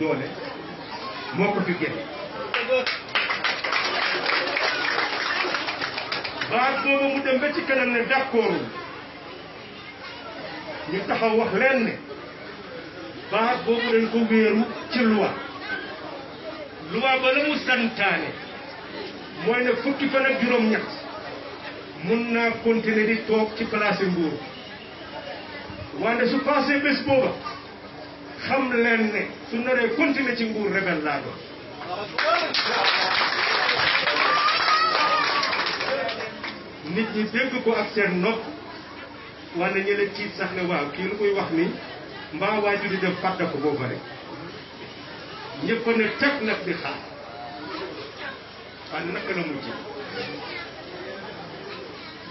doole moo ko fi génn boobu mu dem ba ci kanam ne d'accord ñu taxaw wax leen ne baat boobu dañ ko wéeru ci loi loi ba la mu santaane mooy ne fukki fan juróom-ñett mun naa continuer di toog ci place nguur wante su passé bés booba xam leen ne su naree continuer ci nguur rebelle laa doon nit ñi dégg ko ak seen nopp wala ñu ciit sax ne waaw kii lu koy wax ni mbaa waaju di def fàtte ko boo pare ne teg nag di xaar waaye naka la mujj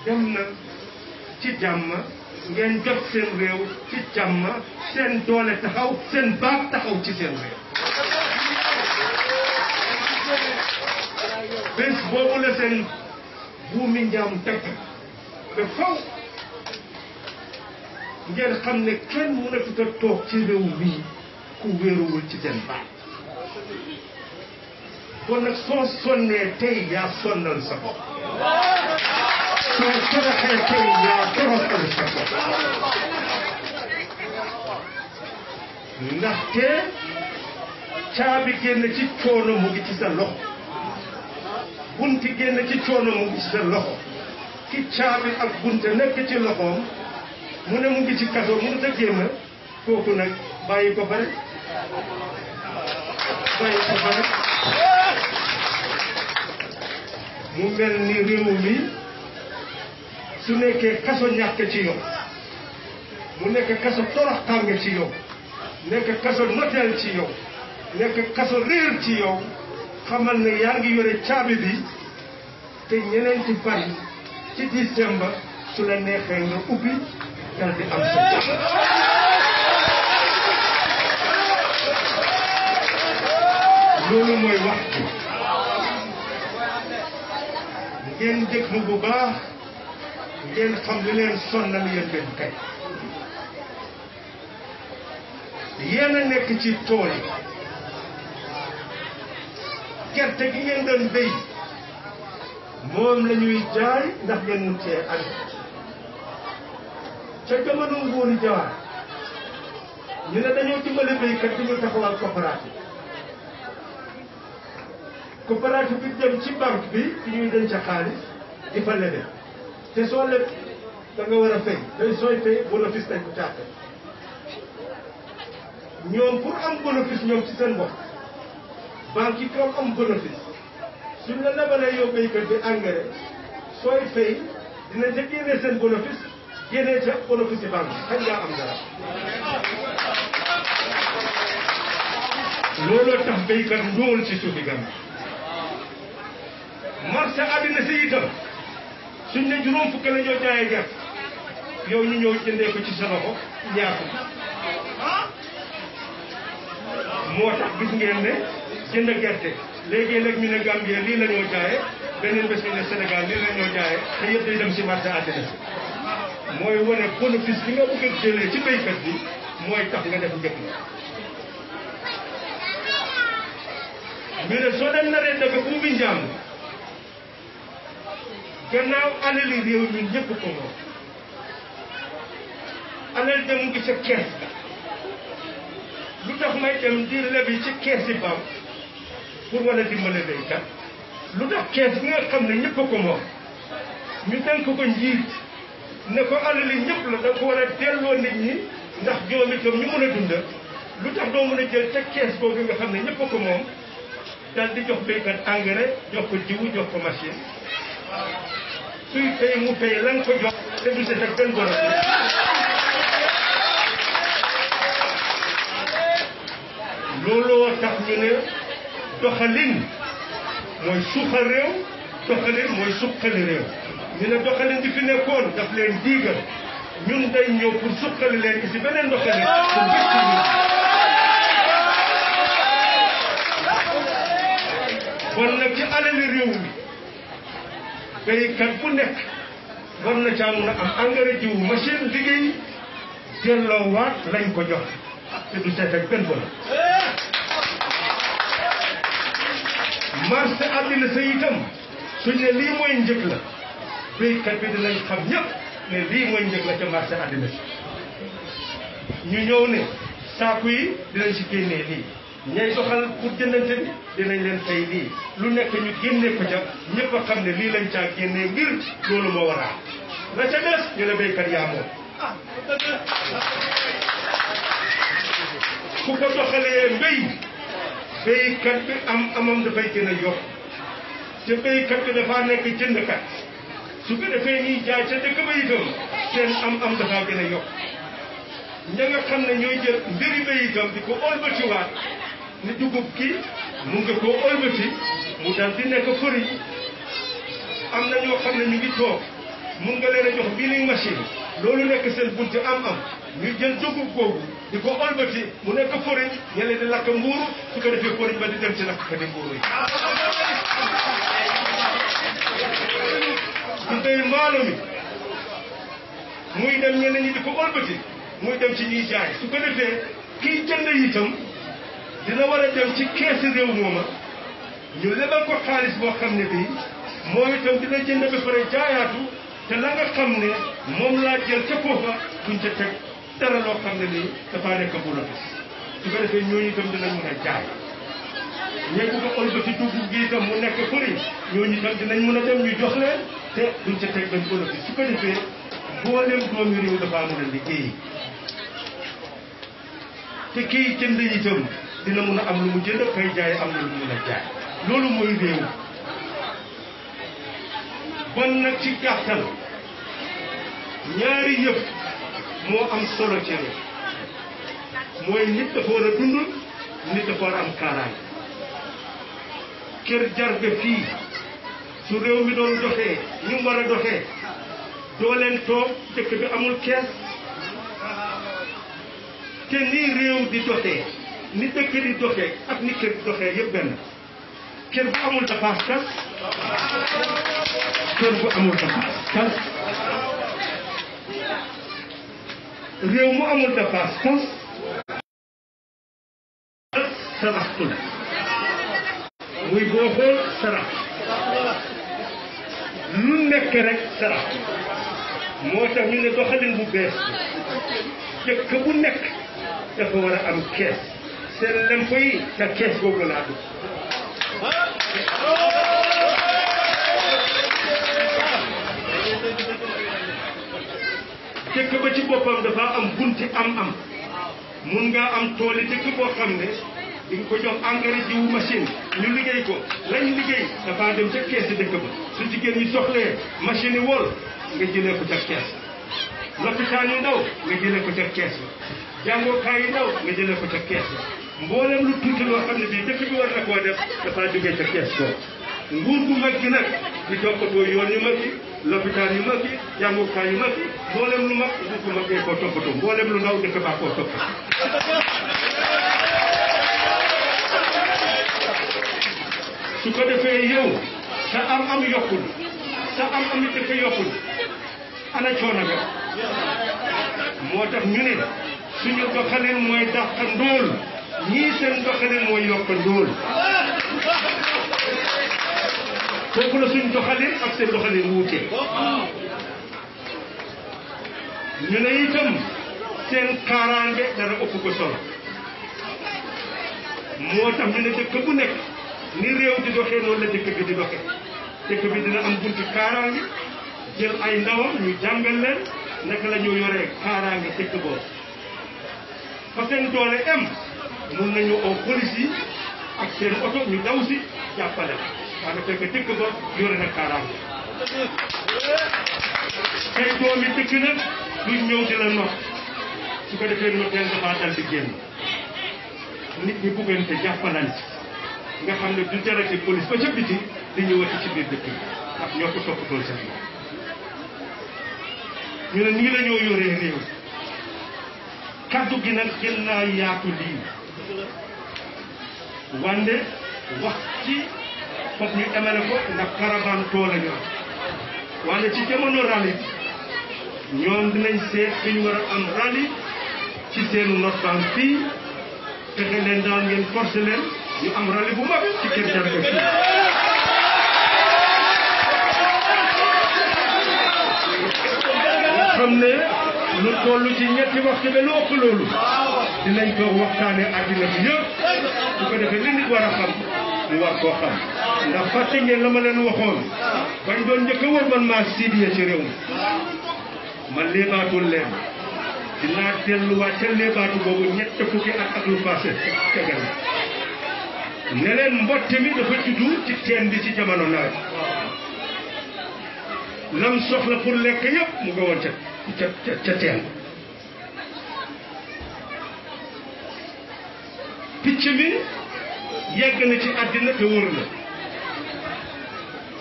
dem na ci jàmm ngeen jot seen réew ci jàmm seen doole taxaw seen baat taxaw ci seen réew bés boobu la seen buumi njaam takk ba faw ngeen xam ne kenn mënatut a toog ci réew bi ku wéeruwul ci seen baat kon nag soo sonnee tey yaa sonnal sa من شرح caabi génn ci coono mu ngi sa loxo bunti génn ci coono mu ngi sa loxo ki caabi ak bunte nekk ci loxoom mu ne mu ngi ci kaso mënut a génn kooku nag bàyyi ko bare bàyyi ko bare mu mel ni réew mi su nekkee kaso ñàkk ci yow mu nekk kaso toroxtànge ci yow nekk kaso noteel ci yow nekk kaso réer ci yow xamal ne yaa ngi yore caabi bi te ñeneen ci bari ci décembre su la neexee nga ubbi dal di am sa loolu mooy wax ngeen déglu bu baax ngeen xam li leen sonnal yéen benn kay yéen nekk ci tool yi gerte gi ngeen doon béy moom lañuy ñuy jaay ndax ngeen mun cee am ca jamono nguuru Jawaar ñu ne dañoo dimbale béykat bi ñu taxawal coopérative coopérative bi dem ci banque bi ñuy denc xaalis di fa lebe te soo leb da nga war a fay day sooy fay bénéfice dañ ko càppe ñoom pour am bénéfice ñoom ci seen bopp banque yi toog am bénéfice suñ la lebalee yow béykat bi engrais sooy fay dina ca génnee seen bénéfice génnee ca bénéfice banque xañ ngaa am dara looloo tax béykat ndóol ci suufi Gàmbi marché àddina si itam suñ ne juróom fukk la ñoo jaayee yow ñu ñëw jëndee ko ci sa loxo ñaar moo tax gis ngeen ne jënd gerte léegi-léeg ñu ne Gambie lii la ñoo jaayee beneen bés ñu ne lii la ñoo jaayee te yëpp day dem si marché àddina mooy wane bénéfice bi nga bëgg a jëlee ci béykat bi mooy tax nga def njëkk ñu ne soo dem naree dëkk umbi njàng gannaaw alali réew mi ñëpp ko moom alal dem ngi ca kees ga lu tax may dem di lebi ci kees yi baam pour wala dimbale béykat lu tax kees bi nga xam ne ñëpp ko moom ñu dénk ko njiit ne ko alali ñëpp la da ko war a delloo nit ñi ndax ñoom itam ñu mën a dunda lu tax doo mën a jël te kees boobu nga xam ne ñëpp ko moom dal di jox béykat engrais jox ko jiwu jox ko machine suy fay mu fay lan ko jox te du ci teg benn góor looloo tax ñu ne doxalin mooy suqal réew doxalin mooy suqali réew ñu ne doxalin bi fi nekkoon daf leen diigal ñun day ñëw pour suqali leen ci beneen doxalin pour gis kon nag ci alali réew mi béykat bu nekk war na caa am engrais jiw machine liggéey delloo waat lañ ko jox te du seet ak benn bon marché àddina sa itam suñ ne lii mooy njëg la béykat bi dinañ xam ñëpp ne lii mooy njëg la ca marché àddina si ñu ñëw ne saaku yi dinañ ci génnee lii ñay soxal pour jëndante bi dinañ leen fay lii lu nekk ñu génne ko ca ñëpp a xam ne lii lañ caa génne ngir loolu moo war a la ca des ñu ne béykat yaa moom ku ko doxalee mbéy béykat bi am amam dafay gën a yokk te béykat bi dafaa nekk jëndkat su ko defee ñuy jaay ca dëkk ba itam seen am am dafaa gën a yokk ña nga xam ne ñooy jël mbiri béy itam di ko ëlbatiwaat ni dugub kii mun nga koo ëlbati mu dal di nekk fëri am na ñoo xam ne ñu ngi toog mun nga leen a jox milling machine loolu nekk seen bunti am-am ñu jël dugub googu di ko ëlbati mu nekk fëriñ ña leen di lakk mbuuru su ko defee fëriñ ba di dem ci lakk di mbuuru yi. ñu tey mbaalo mi muy dem ñeneen ñi di ko ëlbati muy dem ci ñuy jaay su ko defee kiy jënd itam. dina war a dem ci keesu réew mooma ñu lebal ko xaalis boo xam ne bii moom itam dina jënd ba pare jaayaatu te la nga xam ne moom laa jël ca foofa duñ ca teg dara loo xam ne nii dafaa nekk bu rafet su ko defee ñooñu itam dinañ mën a nekk fëri ñooñu dinañ mën a dem ñu jox leen te duñ ca teg benn bu rafet su ko defee mboolem doomi réew dafaa mën a liggéey te kii jënd itam dina mën a am lu mu jënd kay jaay am na lu mu mun a jaay loolu mooy réew bon nag ci gàttal ñaari yëpp moo am solo ci réew mooy nit dafa war a dund nit dafa war a am kaaraange kër jarbe fii su réew mi doon doxee ñu war a doxee doo leen toog dëkk bi amul kees te nii réew di doxee ni dëkk di doxee ak ni kër di doxee yëpp benn kër bu amul dafa tas kër bu amul dafa tas réew mu amul dafa tas saraxtu la muy boo xool sarax lu nekk rek sarax moo tax ñu ne doxalin bu bees jëkk bu nekk dafa war a am kees sellem koyi ka kees googu laa dugg dëkk ba ci boppam dafa am ci am-am mun ngaa am tooli dëkk boo xam ne di ko jox engrais jiwu machine ñu liggéey ko lañ liggéey dafa dem ca kees dëkk ba su jigéen ñi soxlee machine yi nga jëlee ko ca kees lopitaan yu ndaw nga jëlee ko ca kees ba jàngookaay ndaw nga jëlee ko ca kees ba mboolem lu tuuti loo xam ne bii dëkk bi war na koo def dafaa jógee ca kees ko nguur gu mag gi nag di toppatoo yoon yu mag yi lopitaan yu mag yi jàngukaay yu mag yi mboolem lu mag nguur gu mag koo toppatoo mboolem lu ndaw dëkk baa koo toppatoo su ko defee yow sa am am yokkul sa am am dëkk yokkul ana coono moo tax ñu ne suñu doxalin mooy dàq ndóol ñii seen doxalin mooy yokk ndóol foofu la suñ doxalin ak seen doxalin wuute ñu ne itam seen kaaraange dara ëpp ko solo moo tax ñu ne dëkk bu nekk ni réew di doxee noonu la dëkk bi di doxee dëkk bi dina am buntu kaaraange jël ay ndawam ñu jàngal leen naka la ñu kaaraange dëkk boobu fa seen doole am mun nañu oo police yi ak seen oto ñu daw si jàppale waaye fekk dëkk ba yore na kaaraange tey doomi dëkk nag duñ ñëw di la nox su ko defee no teel dafaa dal di génn nit ñi buggante jàppalante nga xam ne du jarati police ba ca biti di ñëwati ci biir dëkk yi ndax ñoo ko toppatoo seen bopp ñu ne nii la ñoo yoree kaddu gi nag gën naa yaatu lii la wande wax ci foog ñu emale ko ndax caravane tool a wande ci jamono rali ñoom dinañ seet fi war a am rali ci seenu nortaan fii fexe leen daal ngeen forcé leen ñu am rali bu mag ci kër Jarko fii xam ne lu toll ci ñetti waxtu ba lu ëpp loolu dinañ ko waxtaane àddina bi yëpp bu ko defee li nit war a xam mu war koo xam ndax fàtte ngeen la ma leen waxoon bañ doon njëkk a wër man maa siidiya ci réew mi man léebaatul leen dinaa delluwaat ca léebaatu boobu ñett fukki at ak lu passé tegal ne leen mbott mi dafa juddu ci teen bi ci jamono nawet lam soxla pour lekk yëpp mu nga woon ca ca ca teen picc mi yegg na ci àddina te wër na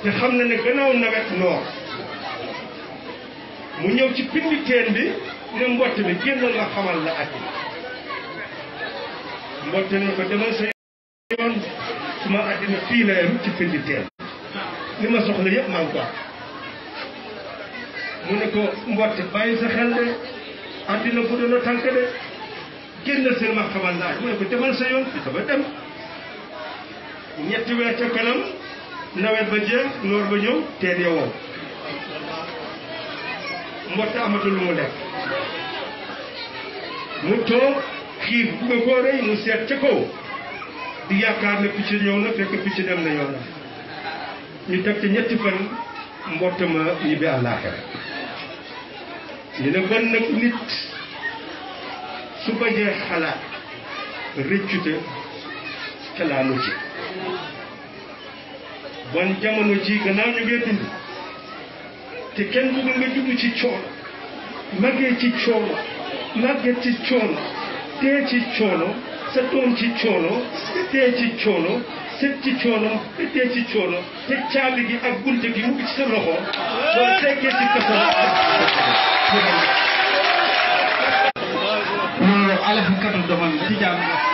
te xam na ne gannaaw nawet noor mu ñëw ci pindi teen bi ne mbott bi génnal ma xamal la àddina mbott ne ko demal sa yoon suma àddina fii la ci pindi li ma soxla yëpp maa ngi mu ne ko mbott bàyyi sa xel de àddina bu doon tànk de génnal seen marxaman naa mu ne ko demal sa yoon dafa dem ñetti weer ca kanam nawet ba jeex noor ba ñëw teen ya wow mbott amatul lu mu lekk mu toog xiif bu nga rey mu seet ca kaw di yaakaar ne picc ñëw na fekk picc dem na yoon na ñu teg ca ñetti fan mbott ma ñibbi àllaaxira ñu ne bon nag nit su bëggee xalaat rëccute kalaanu ci bon jamono ji gannaaw ñu ngee dund te kenn bëgg nga judd ci coono màggee ci coono màggee ci coono tee ci coono sa doom ci coono tee ci coono set ci coono te tee ci coono te caabi gi ak bunte gi mu ci sa loxo boo teggee ci kasa alef katoɗoman Tidiane